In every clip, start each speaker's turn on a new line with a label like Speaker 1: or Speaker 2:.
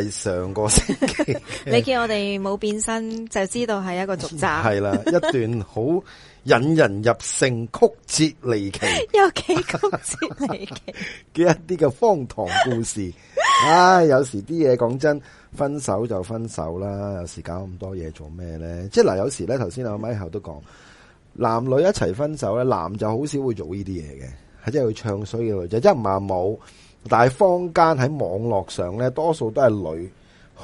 Speaker 1: 係上個星期， 你見
Speaker 2: 我哋冇變身，就知道係一個俗集，係 啦，一段
Speaker 1: 好引人入勝，曲折離奇， 有幾曲折離奇嘅 一啲嘅荒唐故事。唉、 哎，有時啲嘢講真，分手就分手啦，有時搞咁多嘢做咩咧？即係嗱、啊，有時咧，頭先阿咪 i 都講，男女一齊分手咧，男就好少會做呢啲嘢嘅，係即係會唱衰嘅女仔，一唔係冇。但係坊間喺網絡上咧，多數都係女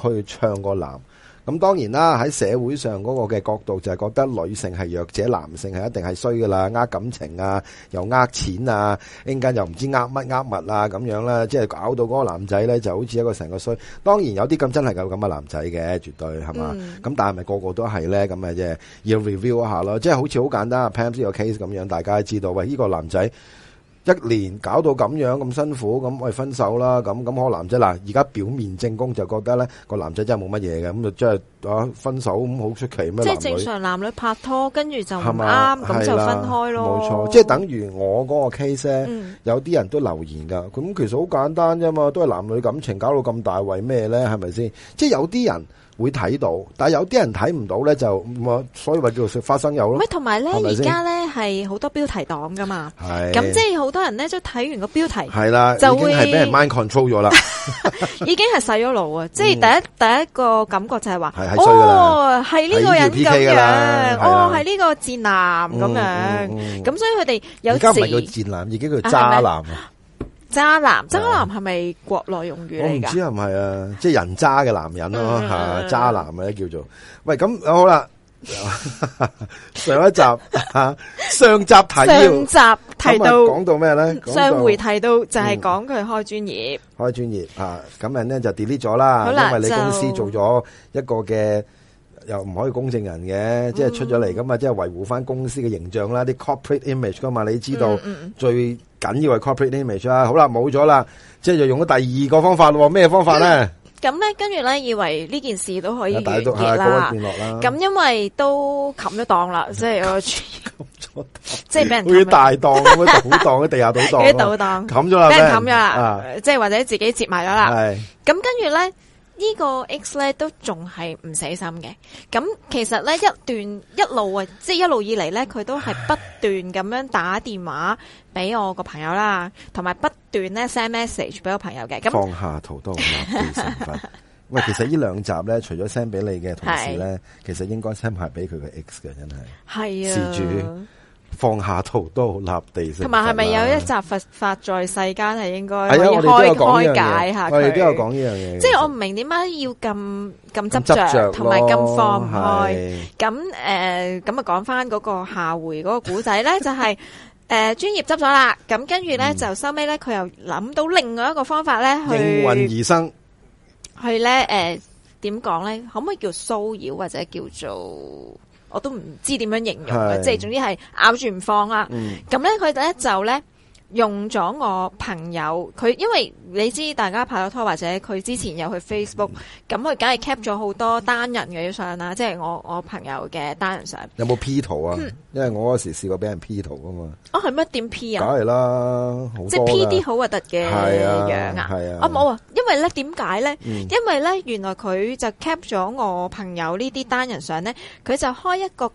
Speaker 1: 去唱個男，咁當然啦，喺社會上嗰個嘅角度就係覺得女性係弱者，男性係一定係衰噶啦，呃感情啊，又呃錢啊，一陣間又唔知呃乜呃物啊，咁樣啦，即係搞到嗰個男仔咧，就好似一個成個衰。當然有啲咁真係有咁嘅男仔嘅，絕對係嘛？咁、mm. 但係咪個個都係咧？咁嘅啫，要 review 一下咯。即係好似好簡單、mm. 啊，Pam 呢個 case 咁樣，大家都知道喂，呢、這個男仔。一年搞到咁樣咁辛苦咁，我哋分手啦，咁咁可能男仔嗱，而家表面正宮就覺得咧個男仔真係冇乜嘢嘅，咁就即係啊分手咁好出奇咩？即係正常
Speaker 2: 男女拍拖跟住就唔啱，咁就分開咯。冇錯，即係等
Speaker 1: 於我嗰個 case 咧，有啲人都留言噶，咁其實好簡單啫嘛，都係男女感情搞到咁大，為咩咧？係咪先？即係有啲人。會睇到，但係有啲人睇唔到咧，就咁所以話叫做花生油咯。喂，同埋咧，而家
Speaker 2: 咧係好多標題黨噶嘛，
Speaker 1: 咁即係
Speaker 2: 好多人咧都睇完個標題，係啦，就已經係俾人 mind
Speaker 1: control 咗啦，
Speaker 2: 已經係洗咗腦啊！即係第一第一個感覺就係話，哦，係呢個人咁樣，哦，係呢個賤男咁樣，咁、嗯嗯嗯、所以佢哋有而家唔係叫
Speaker 1: 賤男，而叫渣男。啊
Speaker 2: 渣男，渣男係咪國內用語？哦、我唔知係
Speaker 1: 唔係啊，即係人渣嘅男人咯吓，渣男咧叫做。喂，咁好啦， 上一集 上集提上集
Speaker 2: 提到講
Speaker 1: 到咩咧？上回提到就係講
Speaker 2: 佢開專業，嗯、
Speaker 1: 開專業吓，咁人咧就 delete 咗啦，因為你公司做咗一個嘅。又唔可以公證人嘅，即係出咗嚟㗎嘛，即係維護翻公司嘅形象啦，啲 corporate image 噶嘛，你知道最緊要係 corporate image 啦。好啦，冇咗啦，即係就用咗第二個方法咯。咩方法咧？
Speaker 2: 咁咧，跟住咧，以為呢件事都可以完結啦。咁因為都冚咗檔啦，即係我注意冚咗檔，即係俾人大檔咁樣好檔
Speaker 1: 喺地下賭檔，冚咗啦，俾人冚咗啦，
Speaker 2: 即係、啊、或者自己接埋咗啦。咁跟住咧。呢、這個 X 咧都仲係唔死心嘅，咁其實咧一段一路啊，即係一路以嚟咧，佢都係不斷咁樣打電話俾我個朋友啦，同埋不斷咧 send message 俾我朋友嘅。放
Speaker 1: 下屠刀，立地成佛 喂，其實這兩集呢兩集咧，除咗 send 俾你嘅同時咧，其實應該 send 埋俾佢嘅 X 嘅，真係。係啊。事主。放下屠刀，立地。同埋係咪有一
Speaker 2: 集佛法在世間係應該開開解下佢？我哋都有
Speaker 1: 講呢樣嘢，即係我唔
Speaker 2: 明點解要咁咁執着，同埋咁放唔開。咁誒，咁啊，講翻嗰個下回嗰個古仔咧，就係誒專業執咗啦。咁跟住咧，就收尾咧，佢又諗到另外一個方法咧，去應運而生。去咧，誒，點講咧？可唔可以叫騷擾，或者叫做？我都唔知點樣形容，即係總之係咬住唔放啦、啊嗯。咁咧，佢第一就咧。用咗我朋友，佢因為你知大家拍咗拖或者佢之前有去 Facebook，咁佢梗係 cap 咗好多單人嘅相啦，即係我我朋友嘅單人相。
Speaker 1: 有冇 P 圖啊？嗯、因為我嗰時試過俾人 P 圖㗎嘛。
Speaker 2: 哦、啊，係咩？點 P 啊？梗
Speaker 1: 係啦，即係 P 啲好核突嘅樣啊！啊冇啊，啊，
Speaker 2: 啊，因為咧點解咧？因為咧原來佢就 cap 咗我朋友呢啲單人相咧，佢就開一個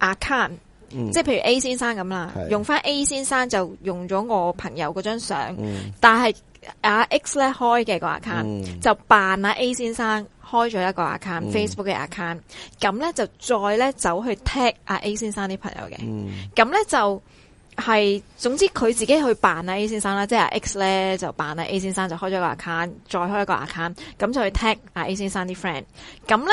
Speaker 2: account。嗯、即係譬如 A 先生咁啦，用翻 A 先生就用咗我朋友嗰張相，但係阿 X 咧開嘅個 account 就扮阿 A 先生開咗一個 account，Facebook、嗯、嘅 account，咁咧就再咧走去 tag 阿 A 先生啲朋友嘅，咁、嗯、咧就係總之佢自己去扮阿 A 先生啦，即係阿 X 咧就扮阿 A 先生就開咗個 account，再開一個 account，咁就去 tag 阿 A 先生啲 friend，咁咧。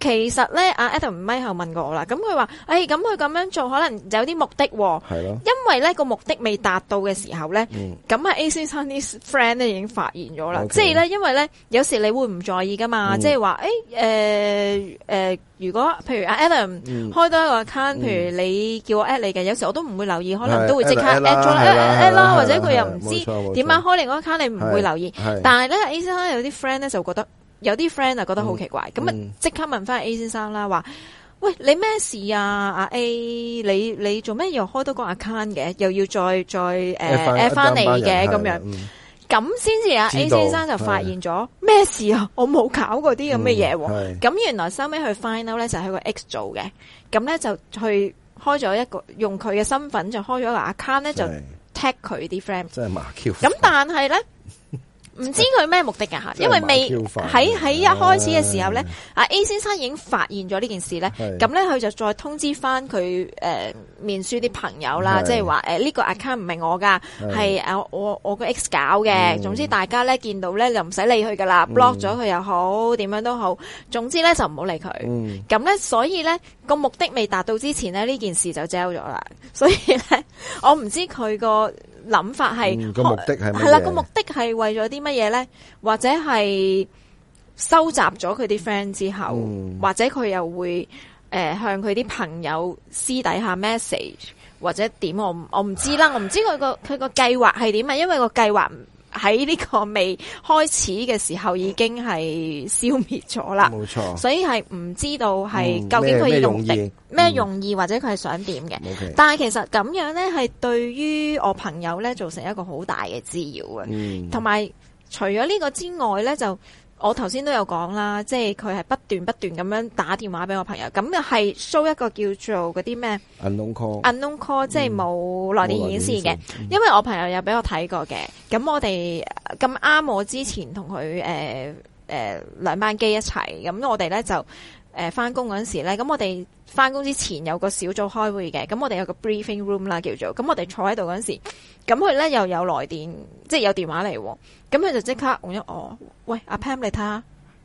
Speaker 2: 其實咧，阿 Adam 咪後問過我啦。咁佢話，哎，咁佢咁樣做，可能有啲目的，哦，喎，咯。因為咧個目的未達到嘅時候咧，咁啊 A 先生啲 friend 咧已經發現咗啦。即係咧，就是，因為咧，有時你會唔在意噶嘛。即係話，哎，誒、呃呃呃、如果譬如阿 Adam 開多一個 account、嗯、譬如你叫我 at 你嘅，有時我都唔會留意，可能都會即刻 at 咗啦，或者佢又唔知點解開另一個 account，你唔會留意。但係咧，A 先生有啲 friend 咧就覺得。有啲 friend 啊，覺得好奇怪，咁啊即刻問翻 A 先生啦，話、嗯、喂你咩事啊？阿、啊、A，你你做咩又開到個 account 嘅，又要再再誒、呃、at 翻嚟嘅咁樣，咁先至啊 A 先生就發現咗咩事啊？我冇搞過啲咁嘅嘢喎，咁原來收尾去 final 咧就係個 X 做嘅，咁咧就去開咗一個用佢嘅身份就開咗個 account 咧就 tag 佢啲 friend，
Speaker 1: 真係麻煩咁
Speaker 2: 但係咧。唔知佢咩目的噶吓，因為未喺喺一開始嘅時候咧，阿 A 先生已經發現咗呢件事咧，咁咧佢就再通知翻佢、呃、面書啲朋友啦，即係話呃、呢個 account 唔係我噶，係呃、我我個 ex 搞嘅、嗯，總之大家咧見到咧就唔使理佢噶啦，block 咗佢又好，點樣都好，總之咧就唔好理佢。咁、嗯、咧，所以咧個目的未達到之前咧，呢件事就 s 咗啦。所以咧，我唔知佢個。諗法係，個目的係，係啦個目的係為咗啲乜嘢咧？或者係收集咗佢啲 friend 之後，嗯、或者佢又會誒、呃、向佢啲朋友私底下 message，或者點我我唔知啦，我唔知佢個佢個計劃係點啊，因為個計劃唔。喺呢個未開始嘅時候，已經係消滅咗啦。冇錯，所以係唔知道係究竟佢用咩用意，或者佢係想點嘅。嗯 okay. 但係其實咁樣呢，係對於我朋友呢，造成一個好大嘅滋擾啊。同、嗯、埋除咗呢個之外呢，就。我頭先都有講啦，即係佢係不斷不斷咁樣打電話俾我朋友。咁又係 show 一個叫做嗰啲咩
Speaker 1: ？unknown call，unknown
Speaker 2: call，即係冇來電顯示嘅，嗯。因為我朋友有俾我睇過嘅。咁、嗯、我哋咁啱，我之前同佢、呃呃、兩班機一齊，咁我哋呢就。誒翻工嗰陣時咧，咁我哋翻工之前有個小組開會嘅，咁我哋有個 briefing room 啦叫做，咁我哋坐喺度嗰陣時，咁佢咧又有來電，即係有電話嚟喎、哦，咁佢就即刻揾咗哦，喂，阿、啊、Pam 你睇下，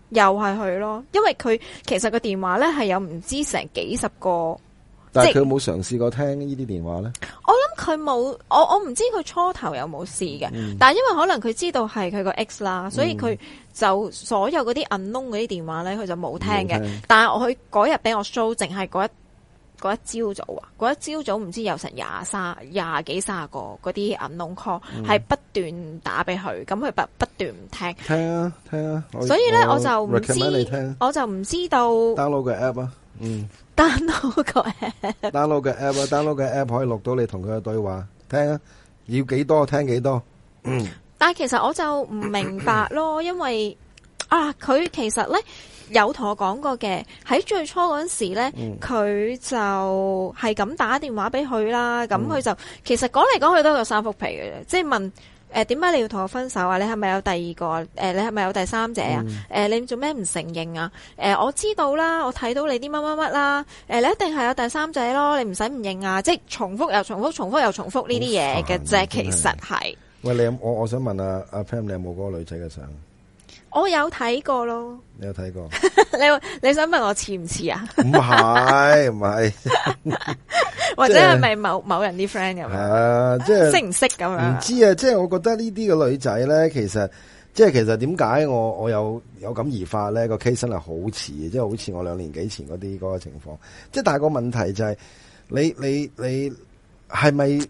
Speaker 2: 又係佢咯，因為佢其實個電話咧係有唔知成幾十個。
Speaker 1: 但係佢有冇嘗試過聽呢啲電話咧？
Speaker 2: 我諗佢冇，我我唔知佢初頭有冇試嘅。但係因為可能佢知道係佢個 X 啦，所以佢就所有嗰啲 unknown 嗰啲電話咧，佢就冇聽嘅、嗯。但係我佢嗰日俾我 show，淨係嗰一嗰一朝早啊，嗰一朝早唔知有成廿三廿幾卅個嗰啲 unknown call 係、嗯、不斷打俾佢，咁佢不不斷唔聽。聽
Speaker 1: 啊聽啊！所以咧我就唔知，
Speaker 2: 我，我就唔知道
Speaker 1: download 個 app 啊。嗯、download 個 app，download 個 app 啊，download 個 app 可以錄到你同佢嘅對話 聽啊，要幾多聽幾多、嗯。
Speaker 2: 但係其實我就唔明白咯，因為啊，佢其實咧有同我講過嘅，喺最初嗰陣時咧，佢、嗯、就係咁打電話俾佢啦，咁佢就、嗯、其實講嚟講去都係三幅皮嘅，即、就、係、是、問。誒點解你要同我分手啊？你係咪有第二個？誒你係咪有第三者啊？誒、嗯、你做咩唔承認啊？誒我知道啦，我睇到你啲乜乜乜啦。誒你一定係有第三者咯，你唔使唔認啊！即係重複又重複，重複又重複呢啲嘢嘅啫，其實係。
Speaker 1: 喂，你有我我想問下，阿、啊、Pam 你有冇嗰個女仔嘅相？
Speaker 2: 我有睇過咯，你有睇過？ 你你想問我似唔似啊？唔係唔係， 不
Speaker 1: 是不是 或者係咪
Speaker 2: 某是某人啲 friend 又係啊？
Speaker 1: 即係識唔識咁樣？唔知啊！即係我覺得這些呢啲嘅女仔咧，其實即係其實點解我我有有感而發咧？個 case 身係好似，即係好似我兩年幾前嗰啲嗰個情況。即係大係個問題就係、是、你你你係咪呢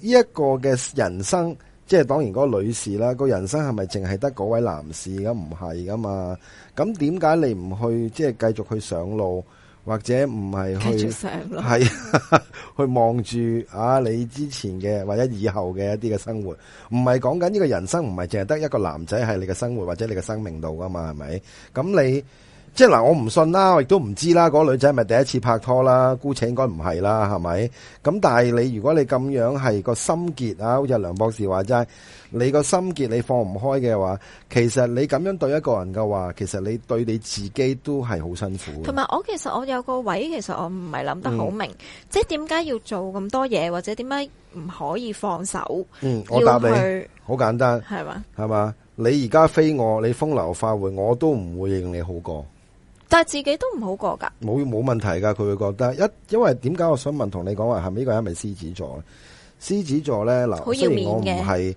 Speaker 1: 一個嘅人生？即係當然嗰個女士啦，個人生係咪淨係得嗰位男士咁唔係噶嘛？咁點解你唔去即係繼續去上路，或者唔係去，繼續上路，係去望住啊，你之前嘅或者以後嘅一啲嘅生活，唔係講緊呢個人生，唔係淨係得一個男仔喺你嘅生活或者你嘅生命度噶嘛？係咪？咁你？即係嗱，我唔信啦，亦都唔知啦。嗰個女仔係咪第一次拍拖啦？姑且應該唔係啦，係咪？咁但係你如果你咁樣係個心結啊，好似梁博士話齋，你個心結你放唔開嘅話，其實你咁樣對一個人嘅話，其實你對你自己都係好辛苦。同
Speaker 2: 埋我其實我有個位，其實我唔係諗得好明、嗯，即係點解要做咁多嘢，或者點解唔可以放手？嗯，
Speaker 1: 我答你，好簡單，係嘛，係嘛。你而家飛我，你風流快活我都唔會令你好過。
Speaker 2: 但自己都唔好過㗎，
Speaker 1: 冇冇問題㗎，佢會覺得一，因為點解我想問同你講話係咪呢個人係咪獅子座咧？獅子座咧，嗱，雖然我唔係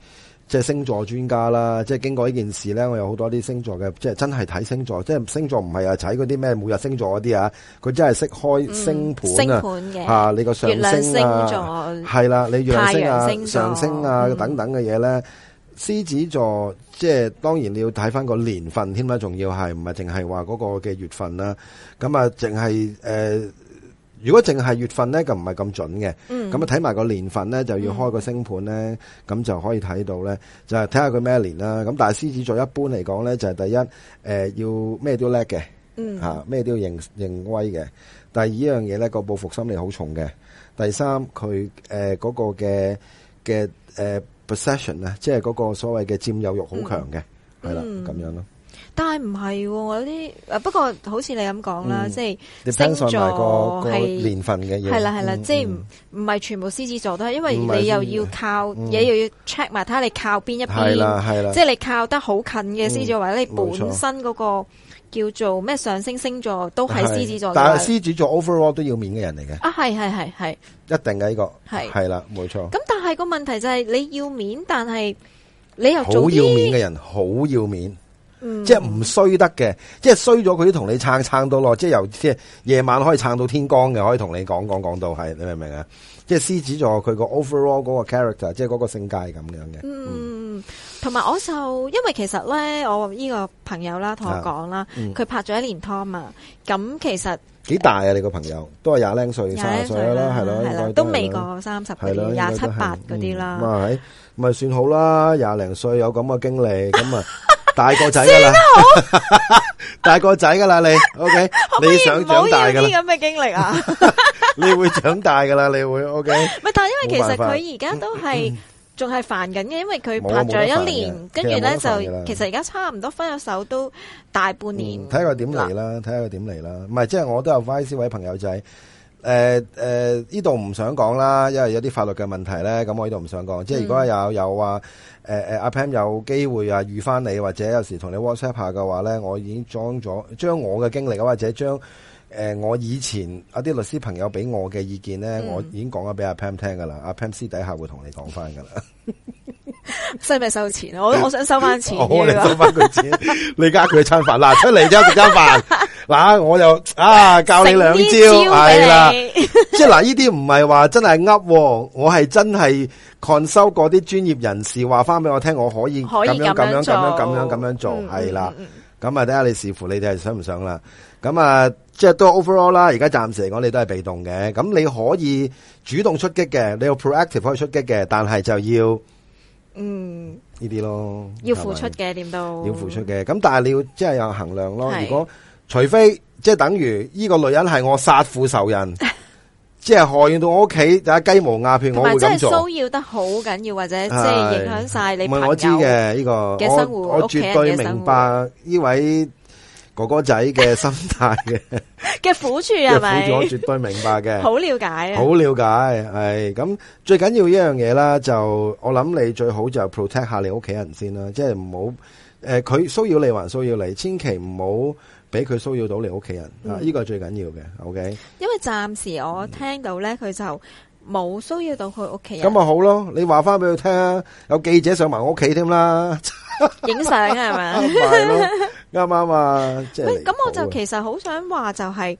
Speaker 1: 即係星座專家啦，即係經過呢件事咧，我有好多啲星座嘅，即係真係睇星座，即係星座唔係啊睇嗰啲咩每日星座嗰啲啊，佢真係識開星盤、嗯、星盤嘅，嚇你個上升、啊、星座係啦，你陽星、啊、星升上升啊等等嘅嘢咧。嗯獅子座即係當然你要睇返個年份添啦，仲要係唔係淨係話嗰個嘅月份啦？咁啊，淨係誒，如果淨係月份咧，就唔係咁準嘅。咁啊，睇埋個年份咧，就要開個星盤咧，咁、嗯、就可以睇到咧，就係睇下佢咩年啦。咁但係獅子座一般嚟講咧，就係、是、第一誒、呃、要咩都叻嘅，嗯嚇、啊、咩都要認威嘅。第二樣嘢咧，個報復心理好重嘅。第三佢誒嗰個嘅嘅 possession 咧，即係嗰個所謂嘅佔有欲好強嘅，係啦咁樣咯。
Speaker 2: 但係唔係我啲，不過好似你咁講啦，嗯、即係星座係、嗰個、年
Speaker 1: 份嘅嘢，係啦係啦，即係
Speaker 2: 唔係係全部獅子座都係，因為你又要靠嘢又、嗯、要 check 埋，睇下你靠邊一邊，啦係啦，即係你靠得好近嘅獅子座、嗯，或者你本身嗰、嗰個。叫做咩上升星座都係獅子座，但係獅
Speaker 1: 子座 overall 都要面嘅人嚟嘅。啊，
Speaker 2: 係係係係，
Speaker 1: 一定嘅呢、這個係係啦，冇錯。
Speaker 2: 咁但係個問題就係你要面，但係你又好要面嘅
Speaker 1: 人，好要面，即係唔衰得嘅，即係衰咗佢都同你撐撐到囉，即係由即係夜晚可以撐到天光嘅，可以同你講講講到係，你明唔明啊？.即係獅子座佢個 overall 嗰個 character，即係嗰個性格係咁樣
Speaker 2: 嘅。嗯、同、嗯、埋我就因為其實咧，我呢個朋友啦，同我講啦，佢、嗯、拍咗一年拖嘛、啊。咁其實
Speaker 1: 幾大啊？你個朋友都係廿零歲，廿零歲，三十歲啦，係、啊、咯，都未過三
Speaker 2: 十，廿七八嗰啲啦、嗯。
Speaker 1: 咪算好啦，廿零歲有咁嘅經歷，咁啊～大個仔 大個仔噶啦你，OK， 你想長大噶啦，咁
Speaker 2: 嘅經歷啊，
Speaker 1: 你會長大噶啦， 你會 OK。唔係，但係因為其實佢而家都
Speaker 2: 係仲係煩緊嘅，因為佢拍咗一年，跟住咧就其實而家差唔多分咗手都大半年。
Speaker 1: 睇下佢點嚟啦，睇下佢點嚟啦，唔係即係我都有 Vice 位朋友仔。誒誒，呢度唔想講啦，因為有啲法律嘅問題咧，咁我呢度唔想講。即係如果有有話，誒、呃、誒阿 Pam 有機會啊遇翻你，或者有時同你 WhatsApp 下嘅話咧，我已經裝咗將我嘅經歷或者將。誒、呃，我以前有啲律師朋友俾我嘅意見咧，我已經講咗俾阿 Pam 聽噶啦，阿 Pam 私底下會同你講翻噶啦。
Speaker 2: 使 咪收錢？啊、我我想收翻錢。你收翻佢錢， 啊、你，佢錢
Speaker 1: 你加佢餐飯嗱，出嚟之後食餐飯嗱、啊，我又啊教你兩招係啦，即係嗱呢啲唔係話真係噏、啊，我係真係 consult 過啲專業人士話翻俾我聽，我可以咁樣咁樣咁樣咁樣咁樣做係啦。咁、嗯、啊，睇下你視乎你哋係想唔想啦。咁、嗯嗯、啊。即係都 overall 啦，而家暫時嚟講，你都係被動嘅。咁你可以主動出擊嘅，你有 proactive 可以出擊嘅，但係就要，
Speaker 2: 嗯，
Speaker 1: 呢啲咯，要付出
Speaker 2: 嘅點都要付
Speaker 1: 出嘅。咁但係你要即係有衡量咯。如果除非即係等於呢個女人係我殺父仇人， 即係害到我屋企打雞毛鴨血，我會噉做。係即係騷
Speaker 2: 擾得好緊要，或者即係影響晒你我知
Speaker 1: 嘅、呢個、生活。我，我絕對明白呢位。哥哥仔嘅心態嘅
Speaker 2: 嘅苦處係咪？苦處我絕
Speaker 1: 對明白嘅，好了解，好了解。係咁最緊要一樣嘢啦，就我諗你最好就 protect 下你屋企人先啦，即係唔好誒，佢騷擾你還騷擾你，千祈唔好俾佢騷擾到你屋企人啊！呢個係最緊要嘅，OK。
Speaker 2: 因為暫時我聽到咧，佢就冇騷擾到佢屋企人，咁咪好
Speaker 1: 咯？你話翻俾佢聽啊！有記者上埋我屋企添啦，
Speaker 2: 影相係咪？咪咯。
Speaker 1: 啱啱啊？喂，咁、哎、我就其
Speaker 2: 實好想話就係、是，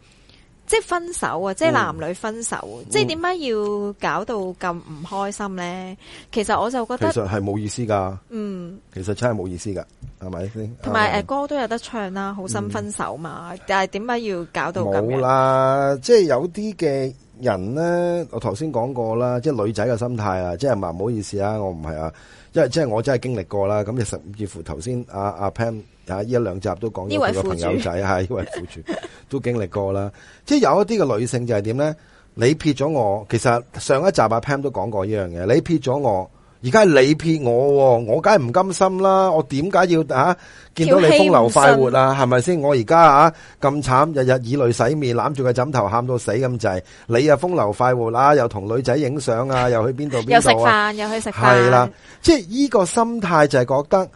Speaker 2: 即、就、係、是、分手啊，即、就、係、是、男女分手、嗯、即係點解要搞到咁唔開心咧、嗯？其實我就覺得，其實係
Speaker 1: 冇意思噶，嗯，其實真係冇意思噶，係咪？同埋誒，
Speaker 2: 歌都有得唱啦，好心分手嘛，嗯、但係點解要搞到咁？好啦，
Speaker 1: 即係有啲嘅人咧，我頭先講過啦，即係女仔嘅心態啊，即係唔係唔好意思啊，我唔係啊，因為即係我真係經歷過啦，咁其實，似乎頭先阿阿潘。啊 Pan, 啊！呢一兩集都講到個朋友仔，係呢位副主 都經歷過啦。即係有一啲嘅女性就係點咧？你撇咗我，其實上一集阿 Pam 都講過一樣嘢。你撇咗我，而家你撇我、哦，我梗係唔甘心啦！我點解要啊？見到你風流快活啊？係咪先？我而家啊咁慘，日日以淚洗面，攬住個枕頭喊到死咁滯。你又風流快活啦、啊，又同女仔影相啊，又去邊度邊度又食飯、啊、
Speaker 2: 又去食係啦。
Speaker 1: 即係呢個心態就係覺得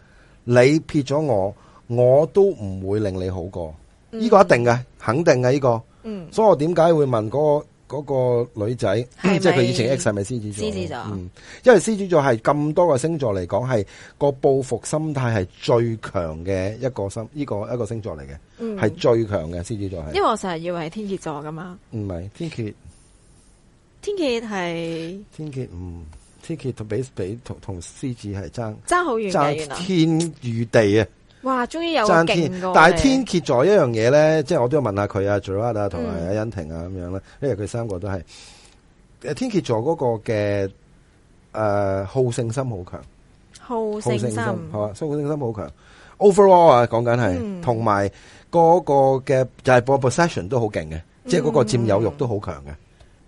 Speaker 1: 你撇咗我。我都唔會令你好過，呢、嗯呢個一定嘅，肯定嘅呢、呢個。嗯，所以我點解會問嗰、嗰個、嗰個女仔，即係佢以前 ex 係咪獅子座？獅子座，嗯，因為獅子座係咁多個星座嚟講，係個報復心態係最強嘅一個心，呢、呢個一個星座嚟嘅，係、嗯、最強嘅獅子座係。因
Speaker 2: 為我成日以為係天蠍座㗎嘛，唔係天蠍，天蠍係
Speaker 1: 天蠍，唔天蠍同比同同獅子係爭
Speaker 2: 爭好遠，爭天
Speaker 1: 與地啊！
Speaker 2: 哇！終於有，但係天
Speaker 1: 蠍座一樣嘢咧，即係我都要問下佢啊，Zara 啊，同埋阿欣婷啊咁樣啦。因為佢三個都係誒天蠍座嗰個嘅誒好勝心好強，
Speaker 2: 好勝心係嘛，
Speaker 1: 好勝心好強。Overall 啊，講緊係，同埋嗰個嘅就係、是、波 possession 都好勁嘅，即係嗰個佔有欲都好強嘅，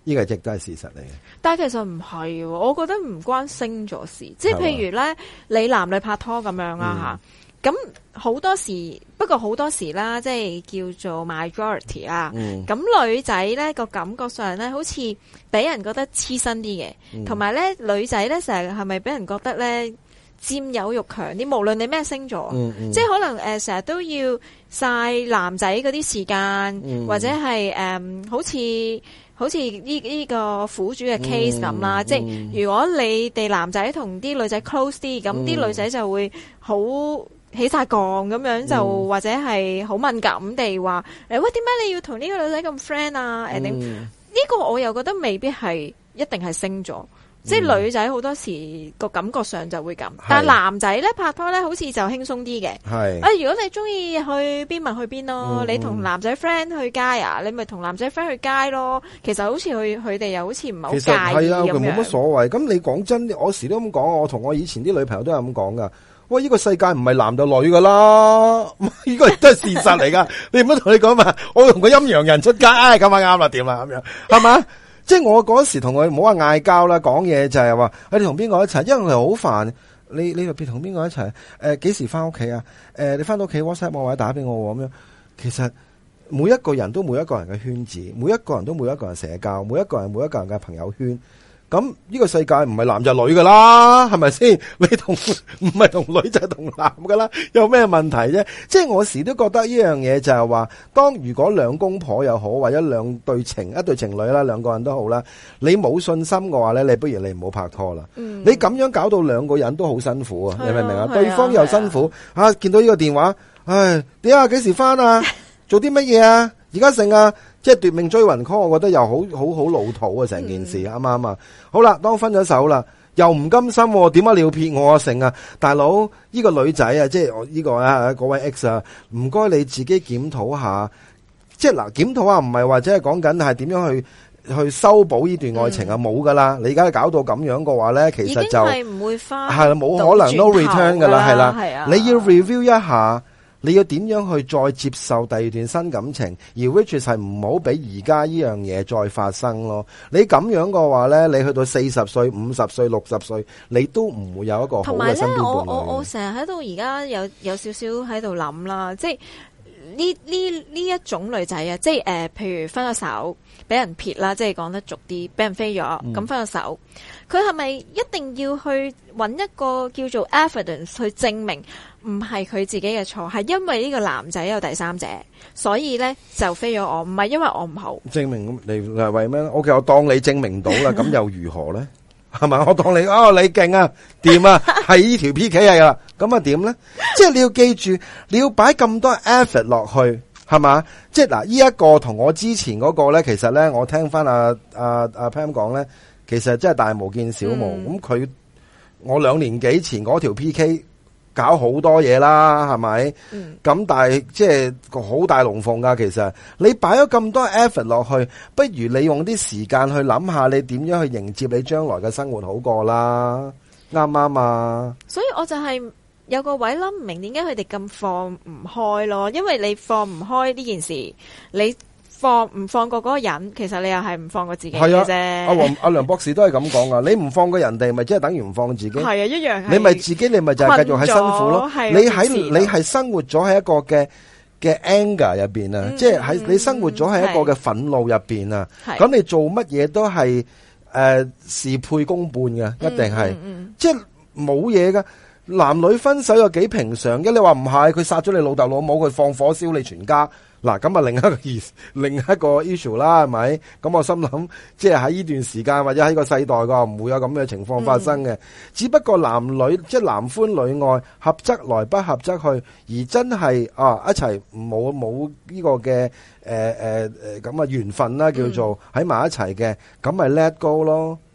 Speaker 1: 呢個亦都係事實嚟嘅。
Speaker 2: 但係其實唔係，我覺得唔關星座事，即係譬如咧，你男女拍拖咁樣、嗯、啊吓。咁好多時，不過好多時啦，即係叫做 majority 啦。咁、嗯、女仔咧個感覺上咧，好似俾人覺得黐身啲嘅，同埋咧女仔咧成日係咪俾人覺得咧佔有欲強啲，無論你咩星座，嗯嗯、即係可能誒成日都要晒男仔嗰啲時間，嗯、或者係誒、嗯、好似好似呢呢個苦主嘅 case 咁、嗯、啦。嗯、即係如果你哋男仔同啲女仔 close 啲，咁、嗯、啲女仔就會好起曬槓，咁樣就或者係好敏感地話，喂，點解你要同呢個女仔咁 friend 啊？誒、嗯，呢、呢個我又覺得未必係一定係升咗，嗯，即係女仔好多時個感覺上就會咁，嗯。但男仔咧拍拖咧，好似就輕鬆啲嘅。係、嗯，啊、嗯、如果你中意去邊咪去邊咯，嗯，你同男仔 friend 去街啊，你咪同男仔 friend 去街咯。其實好似佢佢哋又好似唔係好介意咁，冇乜
Speaker 1: 所謂。咁你講真，我時都咁講，我同我以前啲女朋友都係咁講噶。喂，呢、這個世界唔係男就女噶啦，呢個都係事實嚟噶。 你唔好同你講話，我同個陰陽人出街咁啊啱啦，點啊咁樣，係嘛？ 即係我嗰時同佢唔好話嗌交啦，講嘢就係、是、話，你同邊個一齊？因為你好煩，你你又同邊個一齊？誒，幾時返屋企啊？誒，你返、呃呃、到屋企 WhatsApp 我或者打俾我咁樣。其實每一個人都每一個人嘅圈子，每一個人都每一個人社交，每一個人每一個人嘅朋友圈。咁呢個世界唔係男就女噶啦，係咪先？你同唔係同女就係同男噶啦，有咩問題啫？即係我時都覺得呢樣嘢就係話，當如果兩公婆又好，或者兩對情一對情侶啦，兩個人都好啦，你冇信心嘅話呢，你不如你唔好拍拖啦、嗯。你咁樣搞到兩個人都好辛苦啊！你明唔明啊,啊？對方又辛苦啊,啊！見到呢個電話，唉，點啊？幾時返啊？做啲乜嘢啊？而家剩啊，即係奪命追魂 call，我覺得又好好好老土啊！成件事啱啱啊？好啦，當分咗手啦，又唔甘心、啊，點解你要撇我啊？成啊，大佬，呢、這個女仔啊，即係呢個啊，嗰位 X 啊，唔該你自己檢討下，即係嗱檢討下，唔係或者係講緊係點樣去去修補呢段愛情啊？冇噶啦，你而家搞到咁樣嘅話咧，其實就係啦，冇、啊、可能 no return 噶啦，係、啊、啦、啊啊，你要 review 一下。你要點樣去再接受第二段新感情？而 which 係唔好俾而家呢樣嘢再發生咯。你咁樣嘅話呢，你去到四十歲、五十歲、六十歲，你都唔會有一個好嘅新階段。同埋我我我
Speaker 2: 成日喺度而家有有少少喺度諗啦，即係。呢呢呢一種女仔啊，即係誒、呃，譬如分咗手，俾人撇啦，即係講得俗啲，俾人飛咗，咁、嗯、分咗手，佢係咪一定要去揾一個叫做 evidence 去證明唔係佢自己嘅錯，係因為呢個男仔有第三者，所以呢就飛咗我，唔係因為我唔好，
Speaker 1: 證明你係為咩？我我當你證明到啦，咁又如何呢？ 係咪？我當你哦，你勁啊，掂啊？係、 啊、呢條 P K 係啦，咁啊點咧？即係你要記住，你要擺咁多 effort 落去，係嘛？即係嗱，呢一、呢個同我之前嗰個咧，其實咧，我聽翻阿阿 Pam 講咧，其實真係大巫見小巫。咁、嗯、佢、嗯、我兩年幾前嗰條 P K。搞好多嘢啦，係咪？咁但係即係個好大龍鳳噶，其實你擺咗咁多 effort 落去，不如你用啲時間去諗下你點樣去迎接你將來嘅生活好過啦，啱唔啱啊？
Speaker 2: 所以我就係有個位諗唔明點解佢哋咁放唔開咯，因為你放唔開呢件事，你。放唔放過嗰個人，其實你又係唔放過自己嘅啫、啊。阿黃阿
Speaker 1: 梁博士都係咁講噶，你唔放過人哋，咪即係等於唔放自己。係啊，一樣。你咪自己，你咪就係繼續喺辛苦咯。你喺你係生活咗喺一個嘅嘅 anger 入邊啊，即係你生活咗喺一個嘅憤怒入邊啊。咁、嗯嗯嗯、你做乜嘢都係誒事倍功半嘅，一定係、嗯嗯，即係冇嘢噶。男女分手有幾平常，一你話唔係佢殺咗你老豆老母，佢放火燒你全家。嗱，咁啊，另一個 issue，另一個 issue 啦，係咪？咁我心諗，即係喺呢段時間或者喺個世代嘅唔會有咁嘅情況發生嘅。嗯、只不過男女即係男歡女愛，合則來，不合則去。而真係啊，一齊冇冇呢個嘅誒誒咁嘅緣分啦，叫做喺埋一齊嘅，咁咪 let go 咯。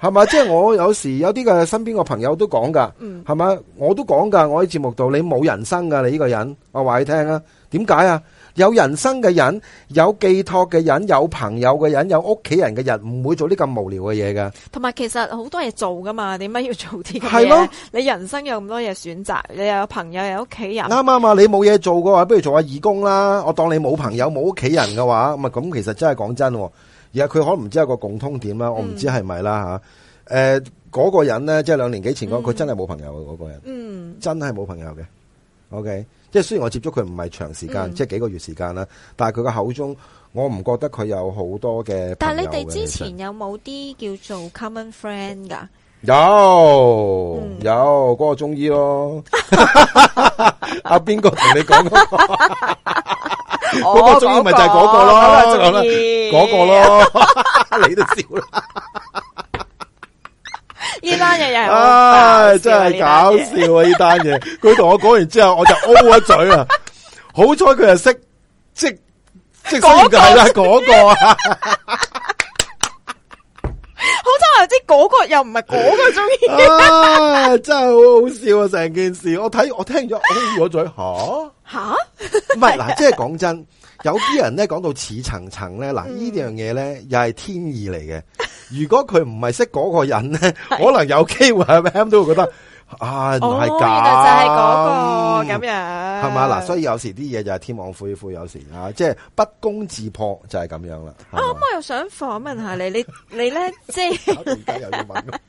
Speaker 1: 係咪？即係我有時有啲嘅身邊個朋友都講噶，嗯、係咪？我都講噶，我喺節目度，你冇人生噶，你呢個人，我話你聽啊。點解啊？有人生嘅人，有寄託嘅人，有朋友嘅人，有屋企人嘅人，唔會做啲咁無聊嘅嘢噶。
Speaker 2: 同埋其實好多嘢做噶嘛，點解要做啲？係咯，你人生有咁多嘢選擇，你又有朋友又有屋企人。啱
Speaker 1: 啊，你冇嘢做嘅話，不如做下義工啦。我當你冇朋友冇屋企人嘅話，咁咁其實真係講真。而佢可能唔知有個共通點啦，我唔知係咪啦嚇。誒、嗯，嗰、啊嗰個人咧，即係兩年幾前嗰個、嗯、真係冇朋友嘅嗰、嗰個人，嗯，真係冇朋友嘅。OK，即係雖然我接觸佢唔係長時間，嗯、即係幾個月時間啦，但係佢個口中，我唔覺得佢有好多嘅。但係你哋之前
Speaker 2: 有冇啲叫做 common friend 㗎？
Speaker 1: 有、嗯、有嗰、嗰個中醫咯，阿 邊、 啊、個同你講嗰 嗰個中意咪就係嗰個咯，嗰個咯，你都笑
Speaker 2: 啦！呢單嘢又唉，真係搞笑
Speaker 1: 啊！呢單嘢，佢同我講完之後，我就 O 咗嘴啊！好彩佢係識即即，講係啦，嗰個啊！
Speaker 2: 好彩我又知嗰個又唔係嗰個中意啊！
Speaker 1: 真係好好笑啊！成件事，我睇我聽咗 O 咗嘴吓。
Speaker 2: 吓，
Speaker 1: 唔係嗱，即係講真，有啲人咧講到似層層咧，嗱、嗯、呢樣嘢咧又係天意嚟嘅。如果佢唔係識嗰個人咧， 可能有機會阿 M 都會覺得啊，唔係咁。哦，原來就係嗰、嗰個咁
Speaker 2: 樣，係嘛嗱。所以有
Speaker 1: 時啲嘢就係天網恢恢，有時候啊，即係不攻自破就係咁樣啦。啊，
Speaker 2: 我又想訪問下你，你你咧即係。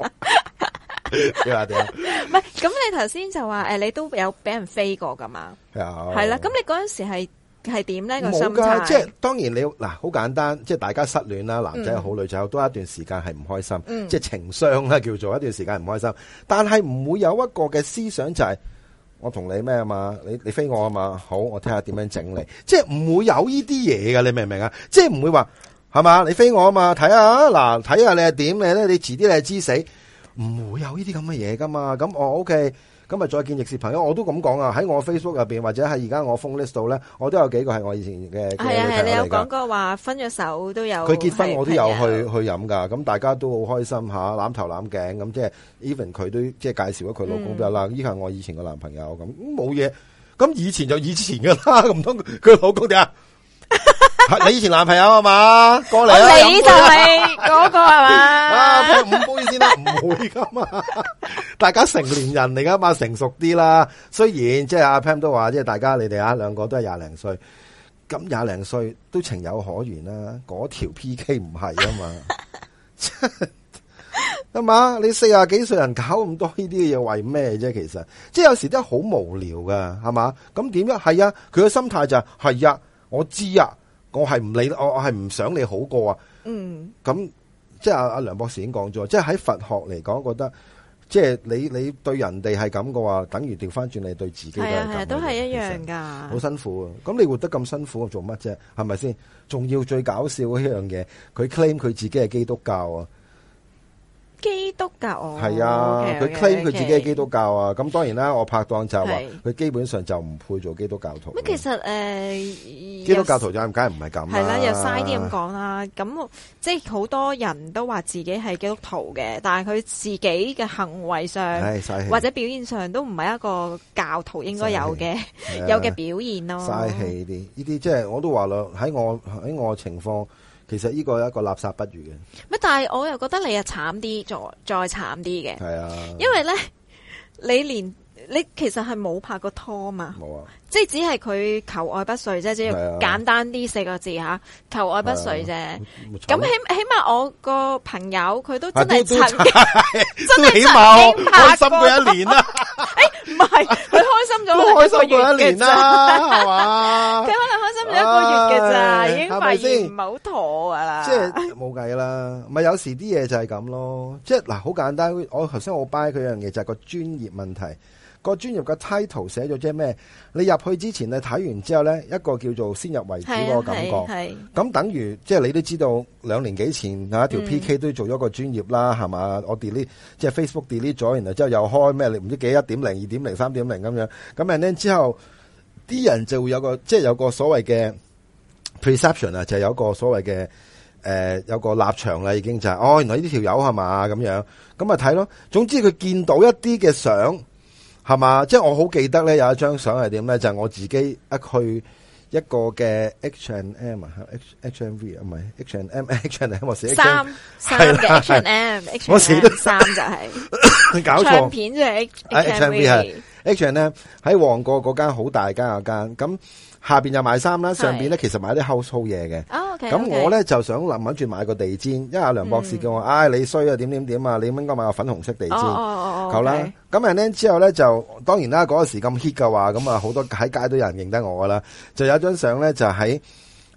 Speaker 2: 咩啊？點唔係咁， 你頭先就話誒、哎，你都有俾人飛過噶嘛？
Speaker 1: 啊， 係啦。咁
Speaker 2: 你嗰陣時係係點咧？個心即係
Speaker 1: 當然你嗱好簡單，即係大家失戀啦，男仔好女仔都有一段時間係唔開心，嗯、即係情傷啦叫做一段時間唔開心。嗯、但係唔會有一個嘅思想就係、是、我同你咩啊嘛？你你飛我啊嘛？好，我睇下點樣整你？ 即係唔會有呢啲嘢噶，你明唔明啊？即係唔會話係嘛？你飛我啊嘛？睇下嗱，睇下你係點？你咧你遲啲你係知死。唔會有呢啲咁嘅嘢噶嘛？咁我、哦、OK，咁啊再見！異性朋友我都咁講啊，喺我 Facebook 入面，或者喺而家我 phone list 度咧，我都有幾個係我以前嘅。係啊，係你有講
Speaker 2: 過話分咗手都有。佢結婚我都有去
Speaker 1: 去飲噶，咁大家都好開心嚇，攬、啊、頭攬頸咁，即係 even 佢都即係介紹咗佢老公俾我啦。依、嗯、係我以前個男朋友咁冇嘢，咁、嗯、以前就以前㗎啦，唔通佢老公點啊？ 你以前男朋友啊嘛？過嚟啊！你就係
Speaker 2: 嗰個係嘛？啊，
Speaker 1: 劈五杯先啦。唔會噶嘛？大家成年人嚟噶嘛，成熟啲啦。雖然即係阿 Pam 都話，即係大家你哋啊，兩個都係廿零歲，咁廿零歲都情有可原啦、啊。嗰條 P K 唔係啊嘛，係 嘛？ 你四廿幾歲人搞咁多呢啲嘢為咩啫？其實即係有時都係好無聊噶，係嘛？咁點樣？係啊，佢嘅心態就係、是、係啊。我知啊，我係唔理，我我係唔想你好過啊。嗯，咁即係阿阿梁博士已經講咗，即係喺佛學嚟講，覺得即係你你對人哋係咁嘅話，等於調翻轉嚟對自己、啊啊、都係都
Speaker 2: 係一樣噶，好辛
Speaker 1: 苦啊！咁你活得咁辛苦做乜啫？係咪先？仲要最搞笑嘅一樣嘢，佢 claim 佢自己係基督教啊！
Speaker 2: 基督教，我係啊，佢、okay, okay, claim 佢自己係基督
Speaker 1: 教啊，咁、okay、當然啦，我拍檔就話佢基本上就唔配做基督教徒。咁其
Speaker 2: 實誒、呃，基督教
Speaker 1: 徒就梗係唔係咁係啦，又嘥啲咁
Speaker 2: 講啦。咁、啊、即係好多人都話自己係基督徒嘅，但係佢自己嘅行為上，或者表現上都唔係一個教徒應該有嘅， 有嘅表現咯。嘥氣
Speaker 1: 啲，呢啲即係我都話啦，喺我喺我嘅情況。其實呢個係一個垃圾不如嘅，
Speaker 2: 乜？但係我又覺得你啊慘啲，再再慘啲嘅，
Speaker 1: 係啊，因為
Speaker 2: 咧你連。你其實係冇拍過拖嘛？冇啊！即係只係佢求愛不遂啫，即係簡單啲四個字吓，求愛不遂啫。咁、啊、起起碼我個朋友佢都真係真係真係開心過一年
Speaker 1: 啦、 哎。誒唔係佢開心咗一， 一個月嘅啫，係、啊、嘛？佢可能開
Speaker 2: 心咗一個月嘅咋、哎，已經發現唔係好妥噶
Speaker 1: 啦。即係冇計啦，咪有時啲嘢就係咁咯。即係嗱，好、啊、簡單。我頭先我 buy 佢一樣嘢就係、是、個專業問題。個專業嘅 title 寫咗即係咩？你入去之前你睇完之後呢，一個叫做先入為主個感覺。咁等於即係你都知道，兩年幾前有一條 PK 都做咗個專業啦，係、嗯、嘛？我 delete 即係 Facebook delete 咗，然後之後又開咩？你唔知幾一點零、二點零、三點零咁樣。咁然之後，啲人就會有個即係、就是、有個所謂嘅 perception 啊，就有個所謂嘅誒有個立場啦，已經就係、是、哦，原來呢條友係嘛咁樣。咁啊睇咯，總之佢見到一啲嘅相。係嘛？即係我好記得咧，有一張相係點咧，就係、是、我自己一去一個嘅 H and M 啊，H HMV 啊，唔係 H and M，H and M 我寫三，三 h M，我寫得三,三 h &M, h &M 就係、
Speaker 2: 是、 搞錯，唱片係 h, h,
Speaker 1: h, HMV 係，H and M 喺旺角嗰間好大間嗰間咁。下邊就買衫啦，上邊咧其實買啲 household 嘢嘅。咁、oh, okay, okay. 我咧就想諗揾住買個地氈，因為阿梁博士叫我，唉、嗯哎、你衰啊點點點啊，你應該買個粉紅色地氈。哦哦哦。好啦。咁樣咧之後咧就，當然啦嗰個時咁 hit 嘅話，咁啊好多喺街都有人認得我噶啦。就有張相咧就喺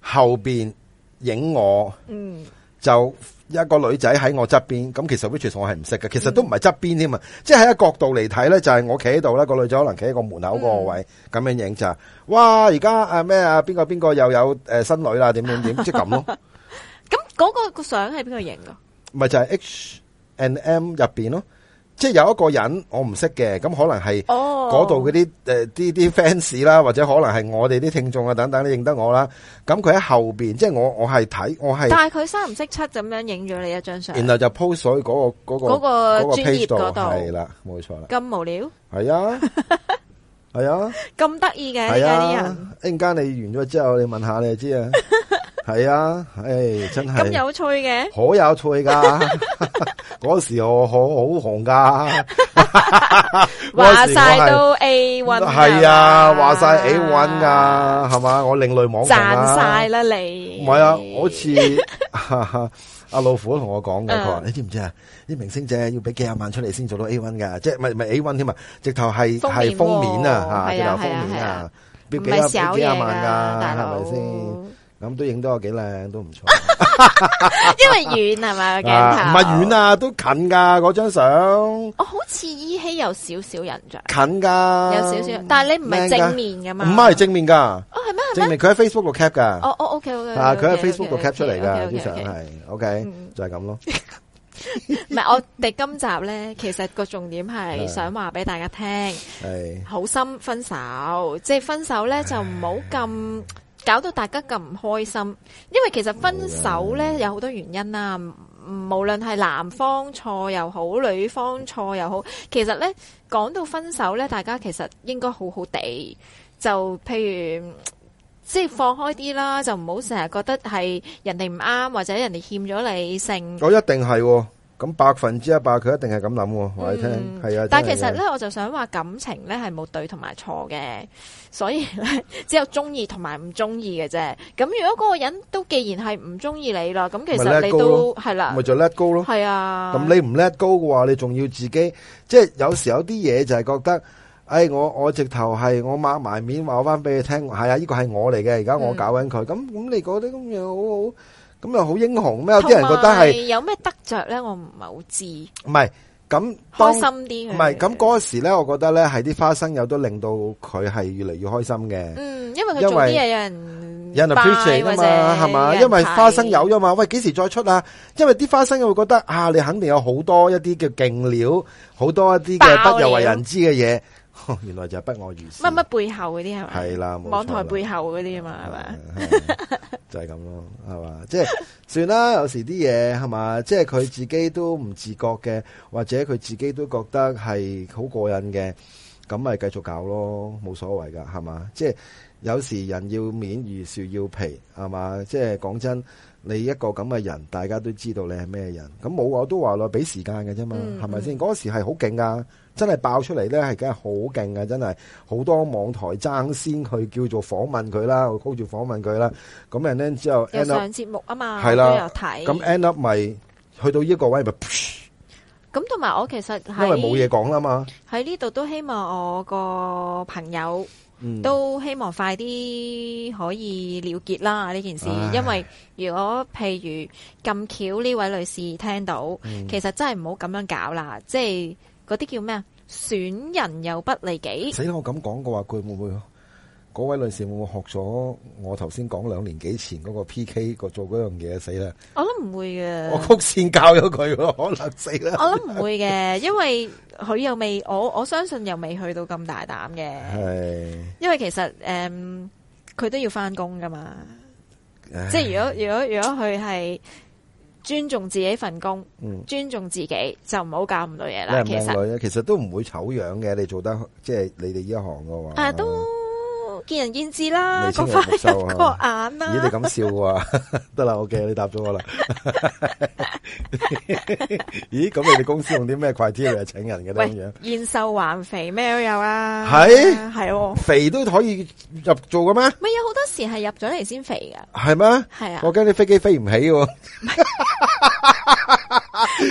Speaker 1: 後邊影我，嗯、就。一個女仔喺我側邊，咁其實 which 我係唔識嘅，其實都唔係側邊添啊，是嗯、即係喺一個角度嚟睇咧，就係、是、我企喺度啦，個女仔可能企喺個門口嗰個位咁、嗯、樣影就，哇！而家啊咩啊，邊個邊個又有誒新女啦，點點點即係咁咯那、那個。
Speaker 2: 咁、那、嗰個個相係邊個影噶？
Speaker 1: 咪就係、是、H and M 入邊咯。即係有一個人我唔識嘅，咁可能係嗰度嗰啲誒啲啲 fans 啦，或者可能係我哋啲聽眾啊等等，你認得我啦。咁佢喺後邊，即係我我係睇我係，但係佢
Speaker 2: 三唔識七咁樣影咗你一張相。然後
Speaker 1: 就 po 咗嗰個嗰個嗰個專業嗰度係啦，冇錯啦。咁無聊係啊係啊，
Speaker 2: 咁得意嘅有啲人。一
Speaker 1: 陣間你完咗之後，你問下你就知啊。係啊，誒、哎，真係咁有
Speaker 2: 趣嘅，
Speaker 1: 好有趣噶，嗰 時 話話我好好紅噶，話晒都 A one，係啊，話晒 A one 噶，係 嘛？我另類網紅啊，讚晒啦你，唔係啊，好似阿、 啊、老虎都同我講嘅，佢、嗯、話你知唔知啊？啲明星仔要俾幾廿萬出嚟，先做到 A one 噶，即係唔係 A one 添啊？直頭係係封面啊，吓，直頭封面啊，俾幾幾廿萬噶，係咪先？咁都影到我幾靚，都唔錯。
Speaker 2: 因為遠係咪鏡頭，唔
Speaker 1: 係遠啊，都近噶嗰張相。我
Speaker 2: 好似依稀有少少印象。
Speaker 1: 近噶，有少少，
Speaker 2: 但係你唔係正面噶嘛？唔係
Speaker 1: 正面噶。哦，係咩？正面佢喺 Facebook 度 cap 噶。哦，
Speaker 2: 我 OK，好嘅。啊，佢喺 Facebook 度 cap 出嚟嘅有啲相係
Speaker 1: OK，就係咁咯。唔
Speaker 2: 係我哋今集咧，其實個重點係想話俾大家聽，係好心分手，即係分手咧就唔好咁。搞到大家咁唔開心，因為其實分手呢有好多原因啦，無論係男方錯又好，女方錯又好，其實呢講到分手呢，大家其實應該好好地，就譬如即係放開啲啦，就唔好成日覺得係人哋唔啱或者人哋欠咗你性，我
Speaker 1: 一定係喎。咁百分之一百，佢一定係咁諗，話嚟聽係啊。但係其實咧，
Speaker 2: 我就想話感情咧係冇對同埋錯嘅，所以咧，只有中意同埋唔中意嘅啫。咁如果嗰個人都既然係唔中意你啦，咁其實你都係啦，咪
Speaker 1: 就 let go 咯。係啊，咁你唔 let go 嘅話，你仲要自己，即係有時有啲嘢就係覺得，哎，我我直頭係我抹埋面，話翻俾你聽，係啊，呢個係我嚟嘅，而家我搞緊佢，咁咁你覺得咁樣好好？咁又好英雄咩？有啲人覺得係
Speaker 2: 有咩得着咧，我唔係好知。
Speaker 1: 唔係咁多心啲，唔係咁嗰時咧，我覺得咧，係啲花生油都令到佢係越嚟越開心嘅。嗯，因為
Speaker 2: 佢做啲嘢有人有人 a p p r e c e 嘛，係嘛？因為，因為花生
Speaker 1: 油啊嘛，喂，幾時再出啊？因為啲花生油會覺得啊，你肯定有好多一啲叫勁料，好多一啲嘅不由為人知嘅嘢。 原來就係不外如是，是，是，
Speaker 2: 乜乜背後嗰啲係咪？係
Speaker 1: 啦，網台背
Speaker 2: 後嗰啲啊嘛，係咪？
Speaker 1: 就係、是、咁咯，係 嘛？即係算啦，有時啲嘢係嘛？即係佢自己都唔自覺嘅，或者佢自己都覺得係好過癮嘅，咁咪繼續搞咯，冇所謂噶，係嘛？即係有時人要面如樹要皮，係嘛？即係講真。你一個咁嘅人，大家都知道你係咩人。咁冇我都話咯，俾時間嘅啫嘛，係咪先？嗰時係好勁噶，真係爆出嚟咧，係梗係好勁嘅，真係好多網台爭先去叫做訪問佢啦，高住訪問佢啦。咁人咧之後又上
Speaker 2: 節目啊嘛，係啦，都有睇，咁
Speaker 1: end up 咪去到呢個位咪。
Speaker 2: 咁同埋我其實因為冇嘢
Speaker 1: 講啦嘛，
Speaker 2: 喺呢度都希望我個朋友。嗯、都希望快啲可以了結啦呢件事，因為如果譬如咁巧呢位女士聽到，嗯、其實真係唔好咁樣搞啦，即係嗰啲叫咩啊？損人又不利己。死啦！
Speaker 1: 我咁講嘅話，佢會唔會？嗰位女士會唔會我學咗我頭先講兩年幾前嗰個 P K 個做嗰樣嘢死啦！
Speaker 2: 我諗唔會嘅，我曲
Speaker 1: 線教咗佢咯，可能死啦。我諗唔
Speaker 2: 會嘅， 因為佢又未，我我相信又未去到咁大膽嘅。係，因為其實誒，佢、嗯、都要翻工噶嘛，
Speaker 1: 即係
Speaker 2: 如果如果如果佢係尊重自己份工、嗯，尊重自己就唔好教唔到嘢啦。其實
Speaker 1: 其實都唔會醜樣嘅，你做得即係、就是、你哋呢一行嘅話，誒都。
Speaker 2: 見仁見智啦，講翻個眼啦、啊。咦，你咁
Speaker 1: 笑啊？得 啦，我、OK, k 你答咗我啦。 咦，咁你哋公司用啲咩怪招嚟請人嘅？喂，
Speaker 2: 燕瘦還肥，咩都有啊？係係、啊啊，
Speaker 1: 肥都可以入做嘅咩？
Speaker 2: 咪有好多時係入咗嚟先肥嘅。
Speaker 1: 係咩？係啊，我驚啲飛機飛唔起喎、啊。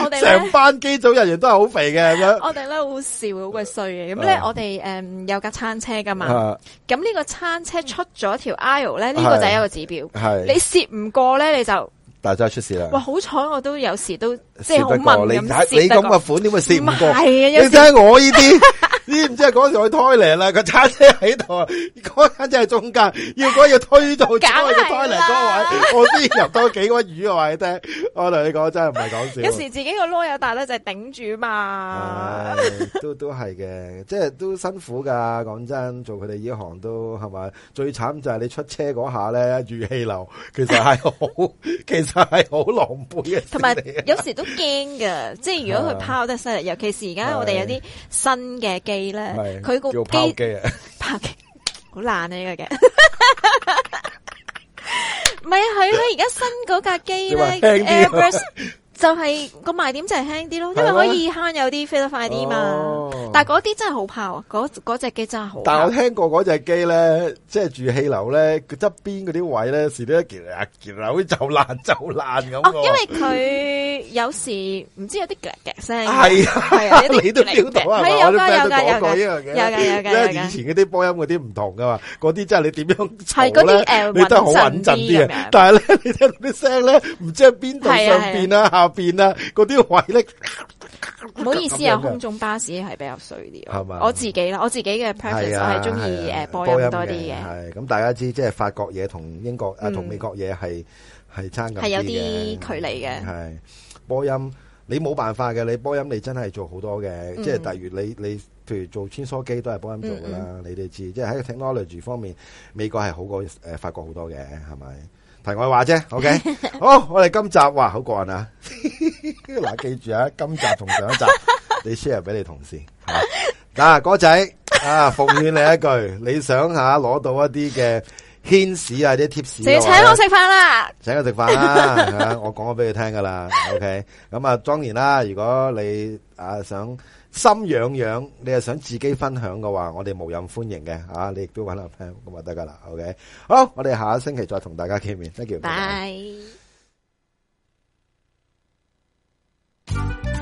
Speaker 1: 我哋成班機組人員都係好肥嘅。咁，
Speaker 2: 我哋咧 好笑好鬼衰嘅，咁咧我哋誒、啊嗯、有架餐車噶嘛，咁、啊、呢個餐車出咗條 aisle 咧，呢個就係一個指標，係、啊、你蝕唔過咧你就
Speaker 1: 大家出事啦。哇，
Speaker 2: 好彩我都有時都即係好問你咁嘅
Speaker 1: 款，點會蝕唔過，你真係、啊、我呢啲。 你 唔知啊，嗰時去胎嚟啦，個叉車喺度啊，嗰間就係中間，如果要推到出去個胎嚟嗰位，我先入多幾個魚，我話你聽，我同你講真係唔係講笑。有時
Speaker 2: 自己個籮柚大咧就係頂住嘛，哎、
Speaker 1: 都都係嘅，即係都辛苦噶，講真，做佢哋呢行都係咪？最慘就係你出車嗰下咧，遇氣流，其實係好， 其實係好狼狽。同埋有，
Speaker 2: 有時都驚噶，即係如果佢拋得犀利，尤其是而家我哋有啲新嘅他的機咧，佢個機，
Speaker 1: 拍啊的 不是，的
Speaker 2: 機好爛呢個嘅，唔係啊，佢佢而家新嗰架機咧，Airbus 就係個賣點就係輕啲咯，因為可以慳有啲飛得快啲嘛。哦但係嗰啲真係好怕啊！嗰隻隻機真係好。但係我聽
Speaker 1: 過嗰隻機咧，即係住氣流咧，佢側邊嗰啲位咧，時都一件一件啊，好似就爛就爛咁、哦。因為
Speaker 2: 佢有時唔知有啲嘅嘅聲。係啊，啊，
Speaker 1: 有啲都係。係有噶有噶有噶。有噶有噶有，有，有，有因為咧以前嗰啲波音嗰啲唔同噶嘛，嗰啲真係你點樣嗰啲，你都好穩陣啲啊！但係咧，你聽到啲聲咧，唔知喺邊度上邊啊下邊啊，嗰啲、啊啊啊、位咧。
Speaker 2: 唔好意思啊，空中巴士係比較。係咪，我自己啦，我自己嘅 practice 係中意誒波音多啲嘅。
Speaker 1: 係咁大家知道，即係法國嘢同英國誒同、嗯啊、美國嘢係係差係有啲
Speaker 2: 距離嘅。係
Speaker 1: 波音你冇辦法嘅，你波音你真係做好多嘅、嗯。即係例如你你，譬如做穿梭機都係波音做噶啦、嗯。你哋知道、嗯，即係喺 technology 方面，美國係好過誒法國好多嘅，係咪？題外話啫。OK， 好，我哋今集哇好過癮啊！嗱、 啊，記住啊， 今集同上一集你 share 俾你同事。嗱、 啊，哥仔啊，奉勸你一句， 你想吓攞、啊、到一啲嘅 hint 啊，啲貼士，你就請我食
Speaker 2: 飯啦，
Speaker 1: 請我食飯啦吓，我講咗俾佢聽噶啦，OK。咁啊，當然啦，如果你啊想心癢癢，你係想自己分享嘅話，我哋無任歡迎嘅吓、啊，你亦都揾下 p a n 咁就得噶啦，OK。好，我哋下一星期再同大家見面，thank you
Speaker 2: 再見，拜拜。